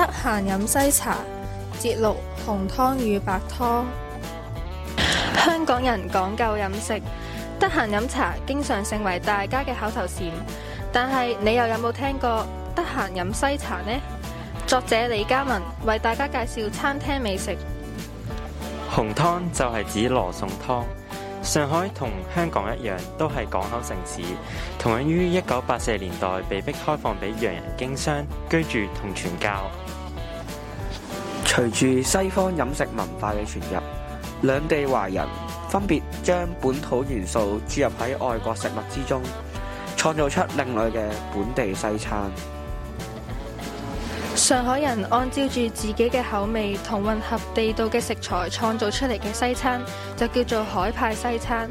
得閒飲西茶，節錄《紅湯與白湯》。香港人講究飲食，得閒飲茶經常成為大家嘅口頭禪，但係你又有冇聽過得閒飲西茶呢？作者李嘉文為大家介紹餐廳美食。紅湯就係指羅宋湯。上海同香港一樣，都係港口城市。同樣於一九八四年代被迫開放俾洋人經商、居住同傳教。隨住西方飲食文化嘅傳入，兩地華人分別將本土元素注入喺外國食物之中，創造出另類嘅本地西餐。上海人按照住自己嘅口味同混合地道嘅食材創造出嚟嘅西餐，就叫做海派西餐。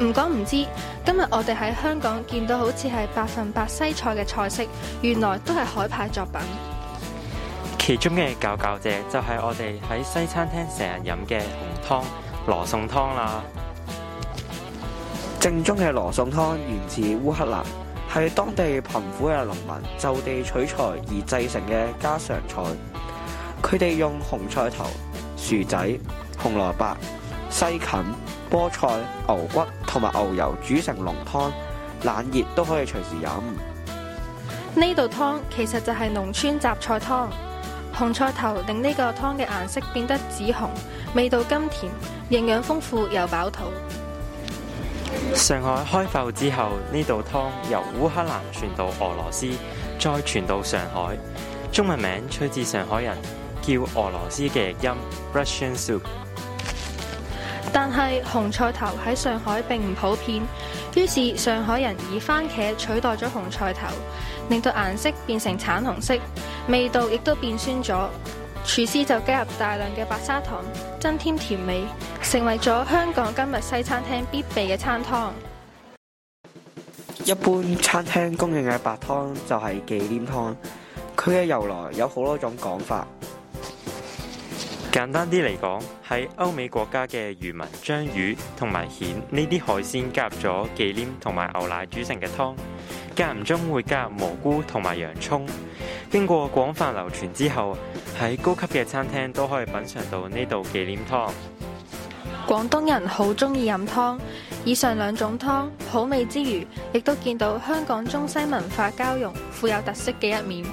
唔講唔知，今日我哋喺香港見到好似係百分百西菜嘅菜式，原來都係海派作品。其中嘅佼佼者，就係我哋喺西餐廳成日飲嘅紅湯羅宋湯啦。正宗嘅羅宋湯源自烏克蘭。係當地貧苦嘅農民就地取材而製成嘅家常菜。佢哋用紅菜頭、薯仔、紅蘿蔔、西芹、菠菜、牛骨同埋牛油煮成濃湯，冷熱都可以隨時飲。呢道湯其實就係農村雜菜湯，紅菜頭令呢個湯嘅顏色變得紫紅，味道甘甜，營養豐富又飽肚。上海開埠之後，呢道湯由烏克蘭傳到俄羅斯，再傳到上海。中文名取自上海人叫俄羅斯嘅音 Russian Soup。但係紅菜頭喺上海並唔普遍，於是上海人以番茄取代咗紅菜頭，令到顏色變成橙紅色，味道亦都變酸咗。廚師就加入大量嘅白砂糖，增添甜味，成為咗香港今日西餐廳必備嘅餐湯。一般餐廳供應嘅白湯就係忌廉湯，佢嘅由來有好多種講法。簡單啲嚟講，喺歐美國家嘅漁民將魚同埋蜆呢啲海鮮加入咗忌廉同埋牛奶煮成嘅湯，間唔中會加入蘑菇同埋洋葱。經過廣泛流傳之後，喺高級嘅餐廳都可以品嚐到呢道忌廉湯。廣東人好鍾意飲湯，以上兩種湯，好味之餘，亦都見到香港中西文化交融、富有特色嘅一面。